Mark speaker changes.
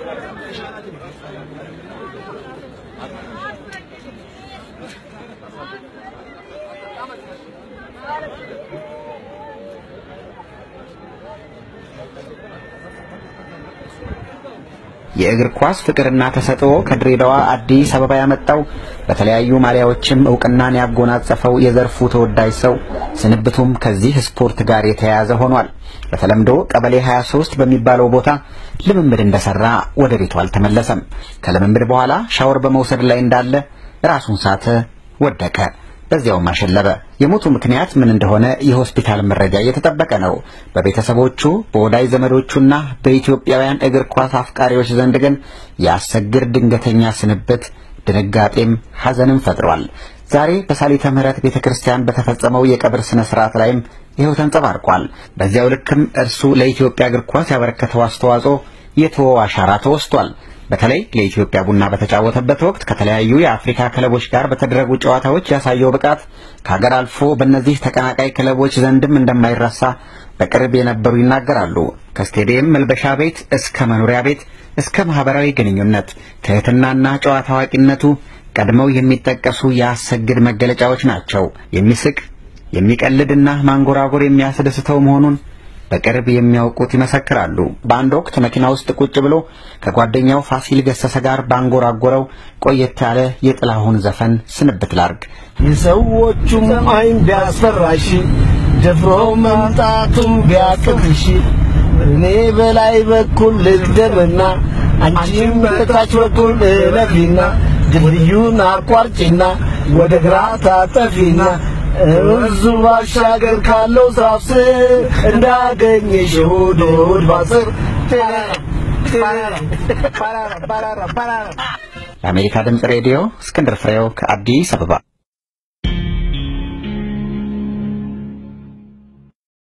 Speaker 1: あっ。የእግር ኳስ ፍቅርና ተሰጥኦ ከድሬዳዋ አዲስ አበባ ያመጣው በተለያዩ ማሊያዎችም እውቅናን ያጎናጸፈው የዘርፉ ተወዳጅ ሰው ስንብቱም ከዚህ ስፖርት ጋር የተያያዘ ሆኗል። በተለምዶ ቀበሌ 23 በሚባለው ቦታ ልምምድ እንደሰራ ወደ ቤቱ አልተመለሰም። ከልምምድ በኋላ ሻወር በመውሰድ ላይ እንዳለ ራሱን ሳተ፣ ወደቀ። በዚያውም አሸለበ። የሞቱ ምክንያት ምን እንደሆነ የሆስፒታል መረጃ እየተጠበቀ ነው። በቤተሰቦቹ በወዳጅ ዘመዶቹና በኢትዮጵያውያን እግር ኳስ አፍቃሪዎች ዘንድ ግን የአሰግድ ድንገተኛ ስንብት ድንጋጤም ሐዘንም ፈጥሯል። ዛሬ በሳሊተ ምሕረት ቤተ ክርስቲያን በተፈጸመው የቀብር ስነ ስርዓት ላይም ይኸው ተንጸባርቋል። በዚያው ልክም እርሱ ለኢትዮጵያ እግር ኳስ ያበረከተው አስተዋጽኦ የተወ አሻራ ተወስቷል። በተለይ ለኢትዮጵያ ቡና በተጫወተበት ወቅት ከተለያዩ የአፍሪካ ክለቦች ጋር በተደረጉ ጨዋታዎች ያሳየው ብቃት ከሀገር አልፎ በእነዚህ ተቀናቃይ ክለቦች ዘንድም እንደማይረሳ በቅርብ የነበሩ ይናገራሉ። ከስቴዲየም መልበሻ ቤት እስከ መኖሪያ ቤት እስከ ማህበራዊ ግንኙነት ትህትናና ጨዋታ አዋቂነቱ ቀድመው የሚጠቀሱ የአሰግድ መገለጫዎች ናቸው። የሚስቅ የሚቀልድና ማንጎራጎር የሚያስደስተው መሆኑን በቅርብ የሚያውቁት ይመሰክራሉ። በአንድ ወቅት መኪና ውስጥ ቁጭ ብሎ ከጓደኛው ፋሲል ገሰሰ ጋር ባንጎራጎረው ቆየት ያለ የጥላሁን ዘፈን ስንብት ላርግ።
Speaker 2: የሰዎቹም አይን ቢያስፈራሽ ደፍሮ መምጣቱም ቢያቅምሽ እኔ በላይ በኩል ልግደብና አንቺም በታች በኩል እለፊና ድልድዩን አቋርጪና ወደ ግራ ታጠፊና እዙ ባሻገር ካለው ዛፍ ስር እንዳገኘሽ እሑድ እሑድ ባስር
Speaker 1: ለአሜሪካ ድምፅ ሬዲዮ እስክንድር ፍሬው ከአዲስ አበባ